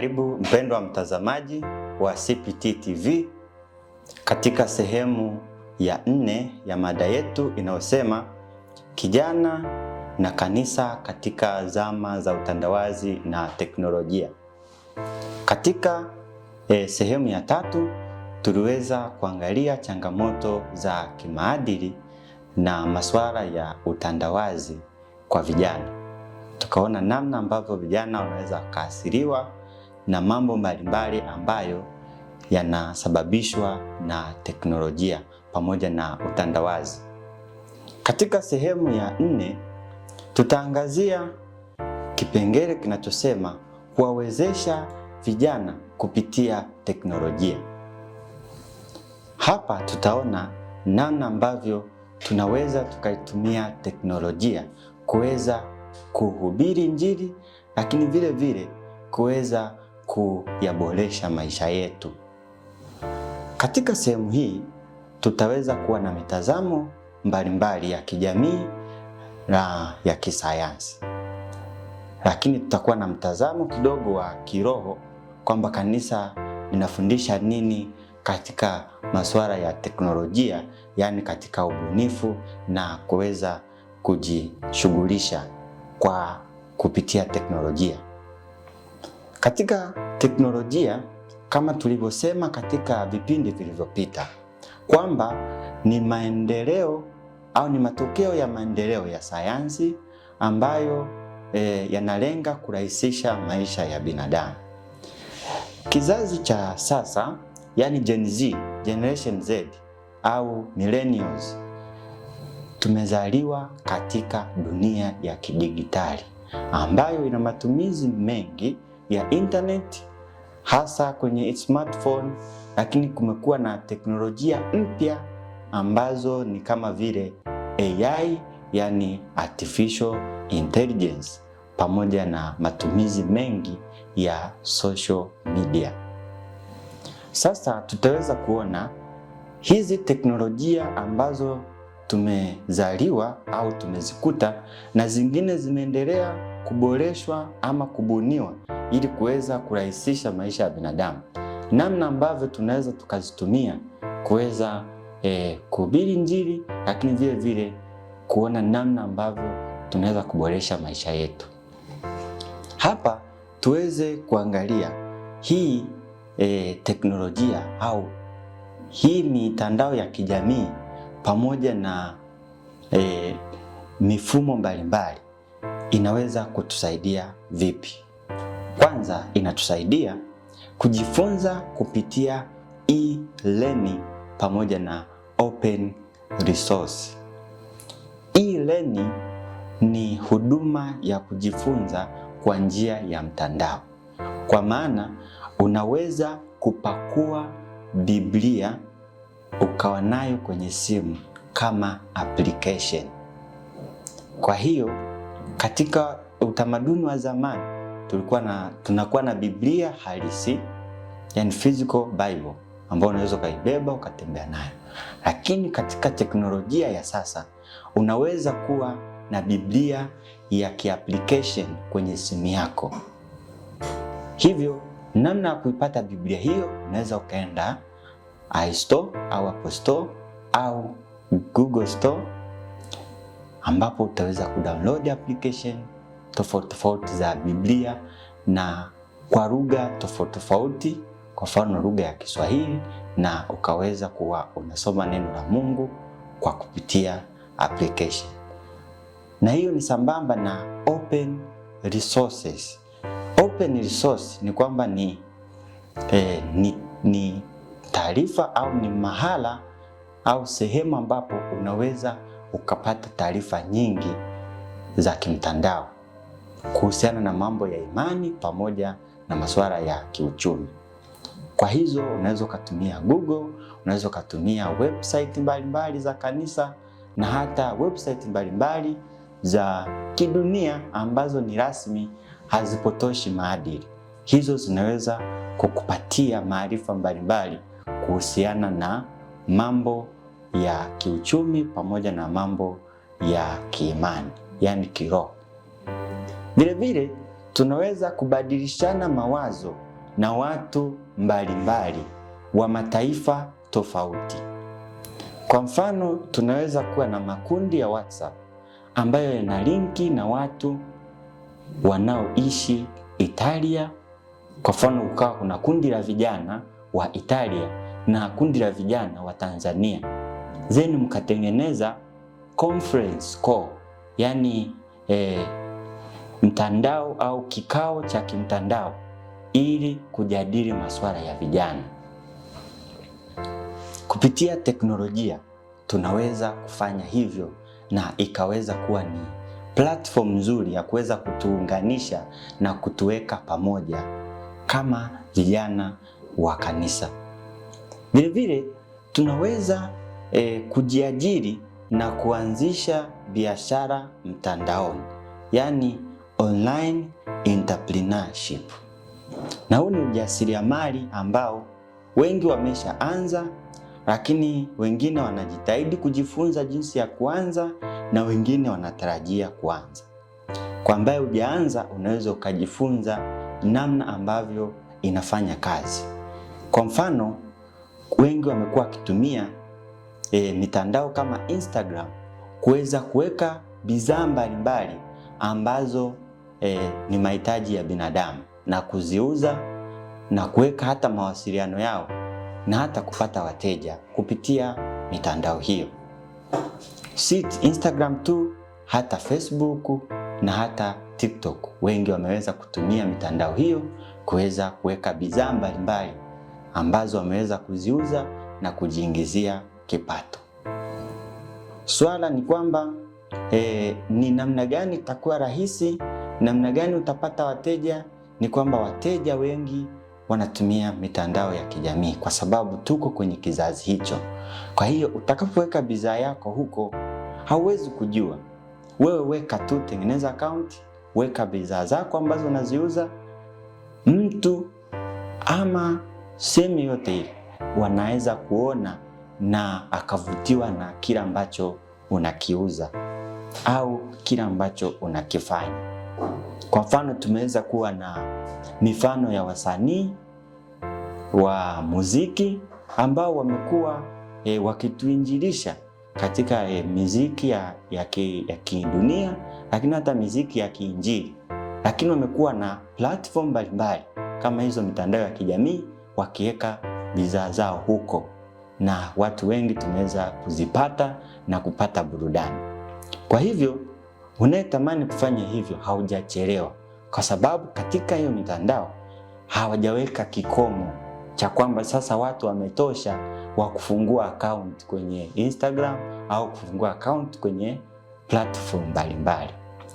Karibu mpendwa mtazamaji wa CPT TV katika sehemu ya nne ya mada yetu inayosema kijana na kanisa katika zama za utandawazi na teknolojia. Katika e, sehemu ya tatu tuliweza kuangalia changamoto za kimaadili na masuala ya utandawazi kwa vijana. Tukaona namna ambavyo vijana wanaweza wakaathiriwa na mambo mbalimbali ambayo yanasababishwa na teknolojia pamoja na utandawazi. Katika sehemu ya nne tutaangazia kipengele kinachosema kuwawezesha vijana kupitia teknolojia. Hapa tutaona namna ambavyo tunaweza tukaitumia teknolojia kuweza kuhubiri Injili, lakini vile vile kuweza kuyaboresha maisha yetu. Katika sehemu hii tutaweza kuwa na mitazamo mbalimbali ya kijamii na ya kisayansi, lakini tutakuwa na mtazamo kidogo wa kiroho kwamba kanisa linafundisha nini katika masuala ya teknolojia, yaani katika ubunifu na kuweza kujishughulisha kwa kupitia teknolojia. Katika teknolojia kama tulivyosema katika vipindi vilivyopita kwamba ni maendeleo au ni matokeo ya maendeleo ya sayansi ambayo e, yanalenga kurahisisha maisha ya binadamu. Kizazi cha sasa, yani Gen Z, Generation Z au millennials, tumezaliwa katika dunia ya kidigitali ambayo ina matumizi mengi ya internet hasa kwenye smartphone, lakini kumekuwa na teknolojia mpya ambazo ni kama vile AI, yani artificial intelligence, pamoja na matumizi mengi ya social media. Sasa tutaweza kuona hizi teknolojia ambazo tumezaliwa au tumezikuta na zingine zimeendelea kuboreshwa ama kubuniwa ili kuweza kurahisisha maisha ya binadamu, namna ambavyo tunaweza tukazitumia kuweza eh, kuhubiri Injili, lakini vile vile kuona namna ambavyo tunaweza kuboresha maisha yetu. Hapa tuweze kuangalia hii eh, teknolojia au hii mitandao ya kijamii pamoja na eh, mifumo mbalimbali inaweza kutusaidia vipi? Kwanza, inatusaidia kujifunza kupitia e-learning pamoja na open resource. E-learning ni huduma ya kujifunza kwa njia ya mtandao, kwa maana unaweza kupakua Biblia ukawa nayo kwenye simu kama application. Kwa hiyo katika utamaduni wa zamani tulikuwa na, tunakuwa na Biblia halisi yani physical Bible ambayo unaweza ukaibeba ukatembea nayo, lakini katika teknolojia ya sasa unaweza kuwa na Biblia ya kiapplication kwenye simu yako. Hivyo namna ya kuipata Biblia hiyo, unaweza ukaenda iStore au App Store au Google Store ambapo utaweza kudownload application tofauti tofauti za Biblia na kwa lugha tofauti tofauti, kwa mfano lugha ya Kiswahili, na ukaweza kuwa unasoma neno la Mungu kwa kupitia application. Na hiyo ni sambamba na open resources. Open resource ni kwamba ni, eh, ni, ni taarifa au ni mahala au sehemu ambapo unaweza ukapata taarifa nyingi za kimtandao kuhusiana na mambo ya imani pamoja na masuala ya kiuchumi. Kwa hizo unaweza ukatumia Google, unaweza ukatumia website mbalimbali mbali za kanisa na hata website mbalimbali mbali za kidunia ambazo ni rasmi, hazipotoshi maadili. Hizo zinaweza kukupatia maarifa mbalimbali kuhusiana na mambo ya kiuchumi pamoja na mambo ya kiimani, yaani kiroho. Vilevile tunaweza kubadilishana mawazo na watu mbalimbali wa mataifa tofauti. Kwa mfano, tunaweza kuwa na makundi ya WhatsApp ambayo yana linki na watu wanaoishi Italia. Kwa mfano, ukawa kuna kundi la vijana wa Italia na kundi la vijana wa Tanzania then mkatengeneza conference call, yani e, mtandao au kikao cha kimtandao ili kujadili masuala ya vijana. Kupitia teknolojia tunaweza kufanya hivyo na ikaweza kuwa ni platform nzuri ya kuweza kutuunganisha na kutuweka pamoja kama vijana wa kanisa. Vilevile tunaweza e, kujiajiri na kuanzisha biashara mtandaoni, yaani online entrepreneurship. Na huu ni ujasiriamali ambao wengi wameshaanza, lakini wengine wanajitahidi kujifunza jinsi ya kuanza na wengine wanatarajia kuanza. Kwa ambaye hujaanza, unaweza ukajifunza namna ambavyo inafanya kazi. Kwa mfano, wengi wamekuwa wakitumia e, mitandao kama Instagram kuweza kuweka bidhaa mbalimbali ambazo e, ni mahitaji ya binadamu na kuziuza na kuweka hata mawasiliano yao na hata kupata wateja kupitia mitandao hiyo, si Instagram tu, hata Facebook na hata TikTok. Wengi wameweza kutumia mitandao hiyo kuweza kuweka bidhaa mbalimbali ambazo wameweza kuziuza na kujiingizia kipato. Swala ni kwamba e, ni namna gani itakuwa rahisi, namna gani utapata wateja. Ni kwamba wateja wengi wanatumia mitandao ya kijamii kwa sababu tuko kwenye kizazi hicho. Kwa hiyo utakapoweka bidhaa yako huko, hauwezi kujua. Wewe weka tu, tengeneza akaunti, weka bidhaa zako ambazo unaziuza. Mtu ama sehemu yote ile wanaweza kuona na akavutiwa na kila ambacho unakiuza au kila ambacho unakifanya. Kwa mfano, tumeweza kuwa na mifano ya wasanii wa muziki ambao wamekuwa e, wakituinjilisha katika e, miziki ya, ya, ki, ya kidunia lakini hata miziki ya kiinjili, lakini wamekuwa na platform mbalimbali kama hizo mitandao ya kijamii wakiweka bidhaa zao huko na watu wengi tumeweza kuzipata na kupata burudani. Kwa hivyo unayetamani kufanya hivyo haujachelewa, kwa sababu katika hiyo mitandao hawajaweka kikomo cha kwamba sasa watu wametosha wa kufungua account kwenye Instagram au kufungua account kwenye platform mbalimbali.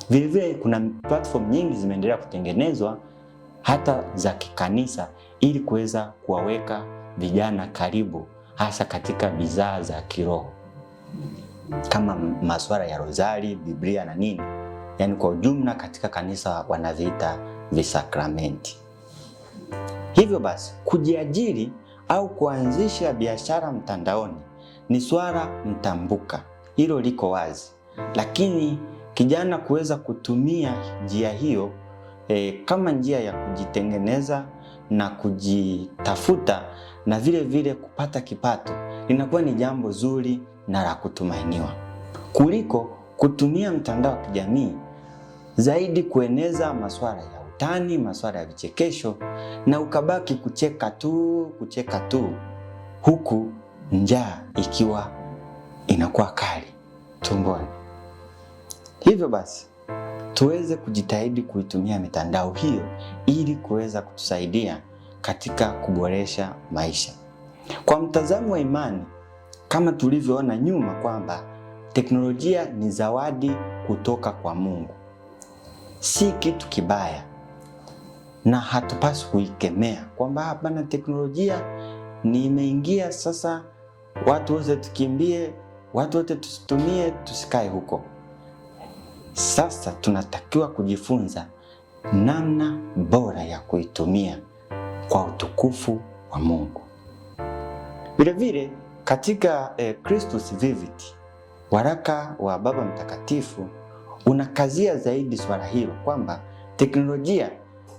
Vilevile kuna platform nyingi zimeendelea kutengenezwa hata za kikanisa ili kuweza kuwaweka vijana karibu hasa katika bidhaa za kiroho kama masuala ya rozari, Biblia na nini, yaani kwa ujumla katika kanisa wanaviita visakramenti. Hivyo basi kujiajiri au kuanzisha biashara mtandaoni ni swala mtambuka, hilo liko wazi, lakini kijana kuweza kutumia njia hiyo e, kama njia ya kujitengeneza na kujitafuta na vile vile kupata kipato linakuwa ni jambo zuri na la kutumainiwa kuliko kutumia mtandao wa kijamii zaidi kueneza masuala ya utani, masuala ya vichekesho na ukabaki kucheka tu kucheka tu, huku njaa ikiwa inakuwa kali tumboni. Hivyo basi tuweze kujitahidi kuitumia mitandao hiyo ili kuweza kutusaidia katika kuboresha maisha. Kwa mtazamo wa imani, kama tulivyoona nyuma kwamba teknolojia ni zawadi kutoka kwa Mungu, si kitu kibaya, na hatupaswi kuikemea kwamba hapana, teknolojia ni imeingia sasa, watu wote tukimbie, watu wote tusitumie, tusikae huko. Sasa tunatakiwa kujifunza namna bora ya kuitumia kwa utukufu wa Mungu. Vilevile katika eh, Christus Vivit, waraka wa Baba Mtakatifu unakazia zaidi swala hilo kwamba teknolojia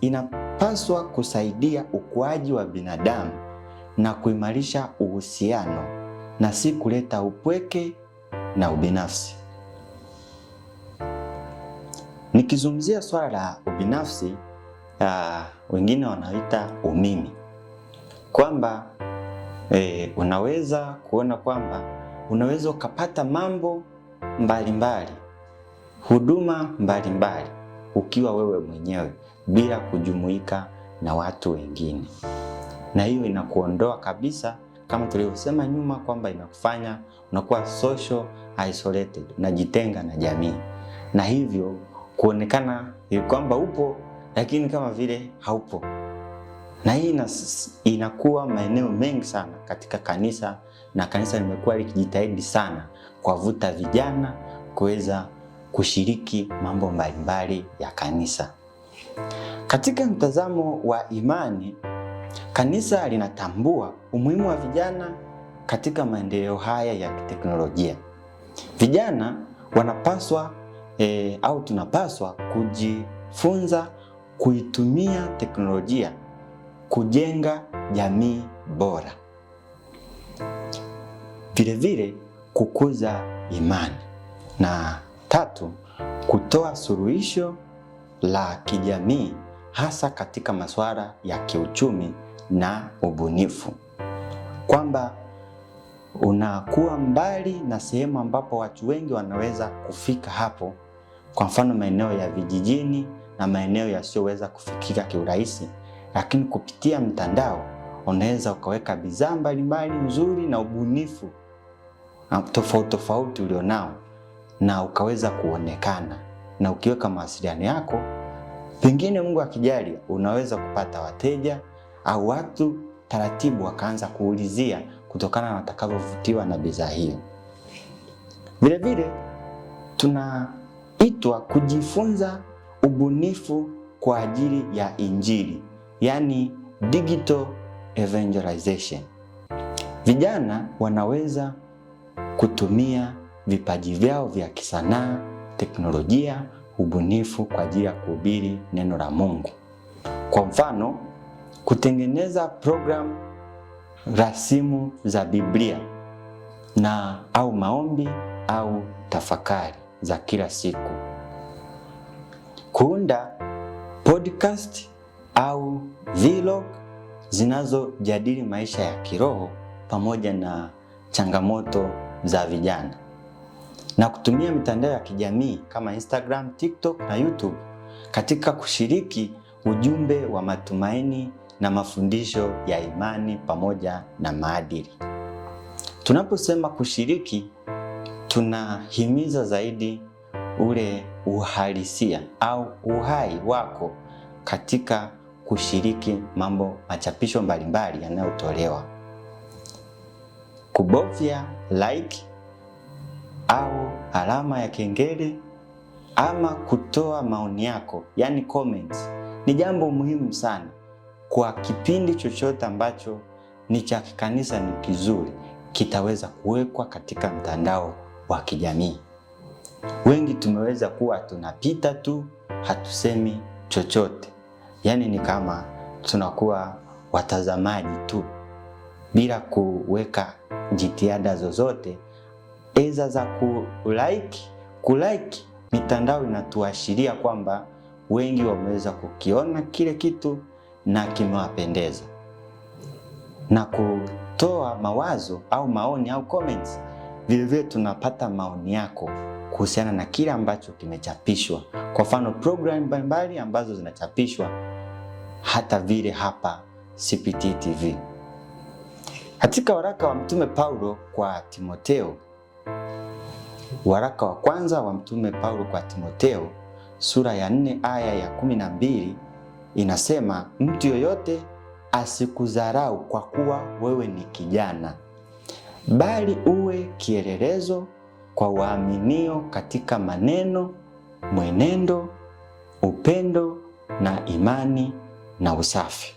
inapaswa kusaidia ukuaji wa binadamu na kuimarisha uhusiano na si kuleta upweke na ubinafsi. Nikizungumzia swala la ubinafsi, aa, wengine wanaita umimi, kwamba e, unaweza kuona kwamba unaweza ukapata mambo mbalimbali mbali, huduma mbalimbali mbali, ukiwa wewe mwenyewe bila kujumuika na watu wengine, na hiyo inakuondoa kabisa, kama tulivyosema nyuma, kwamba inakufanya unakuwa social isolated, unajitenga na jamii na hivyo kuonekana kwamba upo lakini kama vile haupo, na hii inakuwa maeneo mengi sana katika kanisa, na kanisa limekuwa likijitahidi sana kuwavuta vijana kuweza kushiriki mambo mbalimbali ya kanisa. Katika mtazamo wa imani, kanisa linatambua umuhimu wa vijana katika maendeleo haya ya kiteknolojia. Vijana wanapaswa e, au tunapaswa kujifunza kuitumia teknolojia kujenga jamii bora, vilevile kukuza imani, na tatu, kutoa suluhisho la kijamii hasa katika masuala ya kiuchumi na ubunifu, kwamba unakuwa mbali na sehemu ambapo watu wengi wanaweza kufika hapo kwa mfano maeneo ya vijijini na maeneo yasiyoweza kufikika kiurahisi, lakini kupitia mtandao unaweza ukaweka bidhaa mbalimbali nzuri na ubunifu tofauti tofauti ulionao na ukaweza kuonekana, na ukiweka mawasiliano yako, pengine Mungu akijali, unaweza kupata wateja au watu taratibu wakaanza kuulizia kutokana na watakavyovutiwa na bidhaa hiyo. Vilevile tuna itwa kujifunza ubunifu kwa ajili ya Injili, yani digital evangelization. Vijana wanaweza kutumia vipaji vyao vya kisanaa, teknolojia, ubunifu kwa ajili ya kuhubiri neno la Mungu. Kwa mfano, kutengeneza programu rasimu za Biblia na au maombi au tafakari za kila siku. Kuunda podcast au vlog zinazojadili maisha ya kiroho pamoja na changamoto za vijana na kutumia mitandao ya kijamii kama Instagram, TikTok na YouTube katika kushiriki ujumbe wa matumaini na mafundisho ya imani pamoja na maadili. Tunaposema kushiriki tunahimiza zaidi ule uhalisia au uhai wako katika kushiriki mambo machapisho mbalimbali yanayotolewa, kubofya like au alama ya kengele ama kutoa maoni yako, yani comments, ni jambo muhimu sana kwa kipindi chochote ambacho ni cha kikanisa, ni kizuri, kitaweza kuwekwa katika mtandao wa kijamii. Wengi tumeweza kuwa tunapita tu, hatusemi chochote, yaani ni kama tunakuwa watazamaji tu bila kuweka jitihada zozote eza za kulike. Kulike mitandao inatuashiria kwamba wengi wameweza kukiona kile kitu na kimewapendeza na kutoa mawazo au maoni au comments Vilevile tunapata maoni yako kuhusiana na kile ambacho kimechapishwa, kwa mfano program mbalimbali ambazo zinachapishwa hata vile hapa CPT TV. Katika waraka wa Mtume Paulo kwa Timoteo, waraka wa kwanza wa Mtume Paulo kwa Timoteo sura ya 4 aya ya 12 inasema, mtu yoyote asikudharau kwa kuwa wewe ni kijana bali uwe kielelezo kwa waaminio katika maneno, mwenendo, upendo na imani na usafi.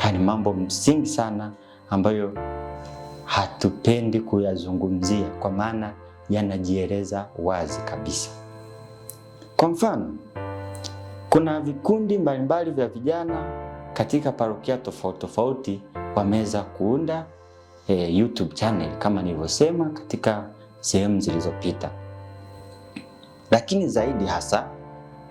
Haya ni mambo msingi sana ambayo hatupendi kuyazungumzia kwa maana yanajieleza wazi kabisa. Kwa mfano, kuna vikundi mbalimbali vya vijana katika parokia tofauti tofauti wameweza kuunda e, YouTube channel kama nilivyosema katika sehemu zilizopita, lakini zaidi hasa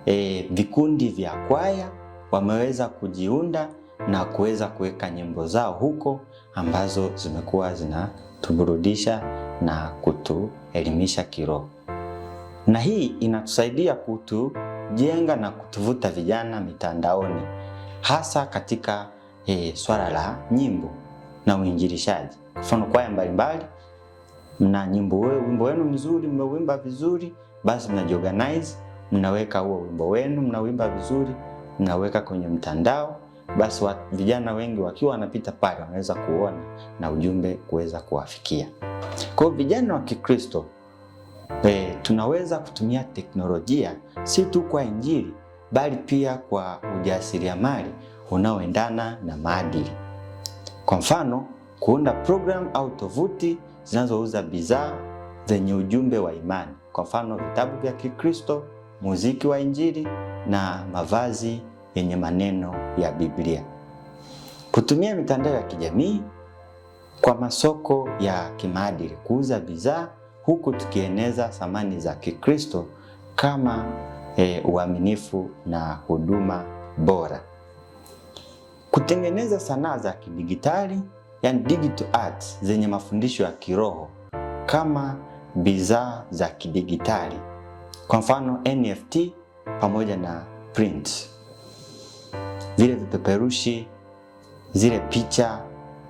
e, vikundi vya kwaya wameweza kujiunda na kuweza kuweka nyimbo zao huko ambazo zimekuwa zinatuburudisha na kutuelimisha kiroho, na hii inatusaidia kutujenga na kutuvuta vijana mitandaoni hasa katika e, swala la nyimbo na uinjilishaji mfano kwaya mbalimbali, mna nyimbo wenu, wimbo wenu mzuri, mmeuimba vizuri, basi mnajiorganize, mnaweka huo wimbo wenu, mnauimba vizuri, mnaweka kwenye mtandao, basi wa, vijana wengi wakiwa wanapita pale wanaweza kuona na ujumbe kuweza kuwafikia. Kwa hiyo vijana wa Kikristo e, tunaweza kutumia teknolojia si tu kwa Injili bali pia kwa ujasiriamali unaoendana na maadili. Kwa mfano kuunda program au tovuti zinazouza bidhaa zenye ujumbe wa imani, kwa mfano vitabu vya Kikristo, muziki wa Injili na mavazi yenye maneno ya Biblia. Kutumia mitandao ya kijamii kwa masoko ya kimaadili, kuuza bidhaa huku tukieneza thamani za Kikristo kama e, uaminifu na huduma bora. Kutengeneza sanaa za kidigitali yani digital arts zenye mafundisho ya kiroho kama bidhaa za kidigitali, kwa mfano NFT pamoja na print, vile vipeperushi, zile picha,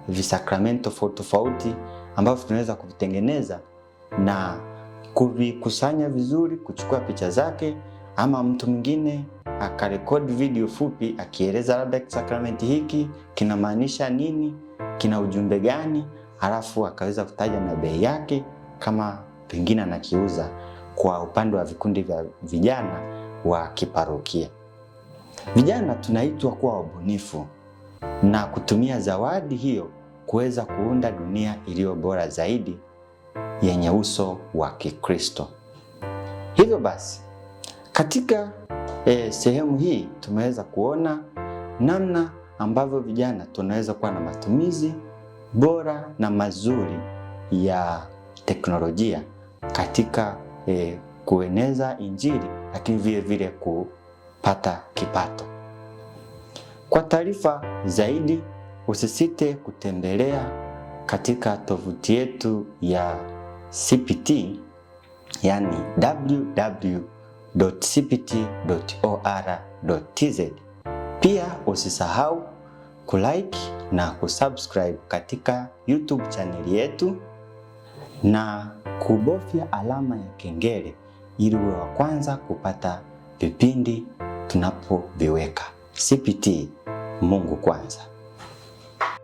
visakramento tofauti tofauti ambavyo tunaweza kuvitengeneza na kuvikusanya vizuri, kuchukua picha zake, ama mtu mwingine akarekodi video fupi akieleza labda kisakramenti hiki kinamaanisha nini kina ujumbe gani, halafu akaweza kutaja na bei yake, kama pengine anakiuza kwa upande wa vikundi vya vijana wa kiparokia. Vijana tunaitwa kuwa wabunifu na kutumia zawadi hiyo kuweza kuunda dunia iliyo bora zaidi yenye uso wa Kikristo. Hivyo basi, katika e, sehemu hii tumeweza kuona namna ambavyo vijana tunaweza kuwa na matumizi bora na mazuri ya teknolojia katika eh, kueneza Injili, lakini vile vile kupata kipato. Kwa taarifa zaidi, usisite kutembelea katika tovuti yetu ya CPT, yani www.cpt.or.tz. Pia usisahau kulike na kusubscribe katika YouTube chaneli yetu na kubofya alama ya kengele ili uwe wa kwanza kupata vipindi tunapoviweka. CPT, Mungu kwanza.